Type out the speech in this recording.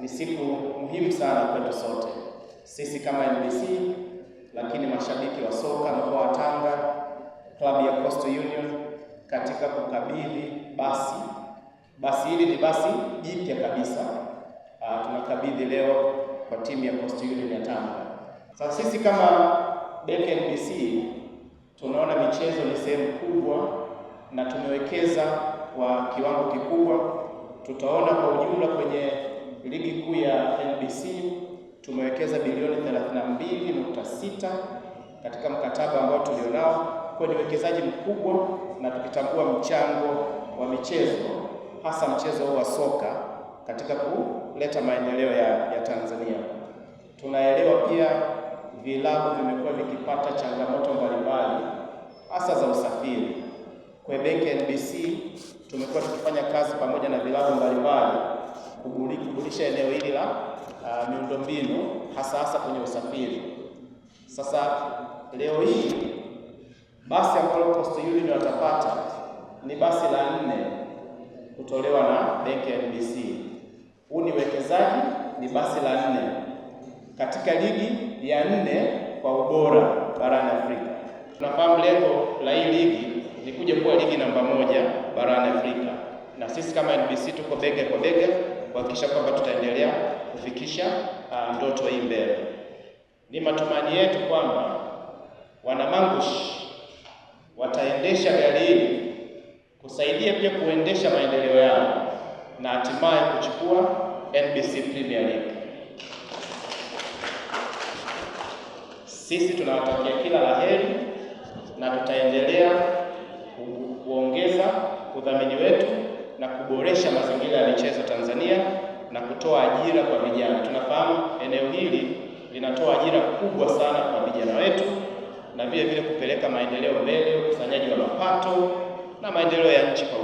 ni siku muhimu sana kwetu sote sisi kama NBC, lakini mashabiki wa soka mkoa wa Tanga, klabu ya Coastal Union katika kukabidhi basi. Basi hili ni basi jipya kabisa, uh, tunakabidhi leo kwa timu ya Coastal Union ya Tanga. Sasa sisi kama Deka NBC tunaona michezo ni sehemu kubwa na tumewekeza kwa kiwango kikubwa, tutaona kwa ujumla kwenye ya NBC tumewekeza bilioni 32.6 katika mkataba ambao tulionao kwa ni uwekezaji mkubwa, na tukitambua mchango wa michezo hasa mchezo huu wa soka katika kuleta maendeleo ya, ya Tanzania. Tunaelewa pia vilabu vimekuwa vikipata changamoto mbalimbali hasa za usafiri. Kwa benki NBC tumekuwa tukifanya kazi pamoja na vilabu mbalimbali kugulisha eneo hili la uh, miundombinu hasa hasa kwenye usafiri. Sasa leo hii basi ambalo Coastal Union watapata ni basi la nne kutolewa na benki ya NBC. Huu ni uwekezaji, ni basi la nne katika ligi ya nne kwa ubora barani Afrika. Tunafahamu lengo la hii ligi ni kuja kuwa ligi namba moja barani Afrika, na sisi kama NBC tuko bega kwa bega kuhakikisha kwamba tutaendelea kufikisha uh, ndoto hii mbele. Ni matumaini yetu kwamba wanamangush wataendesha gari hili kusaidia pia kuendesha maendeleo yao na hatimaye kuchukua NBC Premier League. Sisi tunawatakia kila laheri na tutaendelea ku, kuongeza udhamini wetu na kuboresha mazingira ya michezo kutoa ajira kwa vijana. Tunafahamu eneo hili linatoa ajira kubwa sana kwa vijana wetu na vile vile kupeleka maendeleo mbele, ukusanyaji wa mapato na maendeleo ya nchi kwa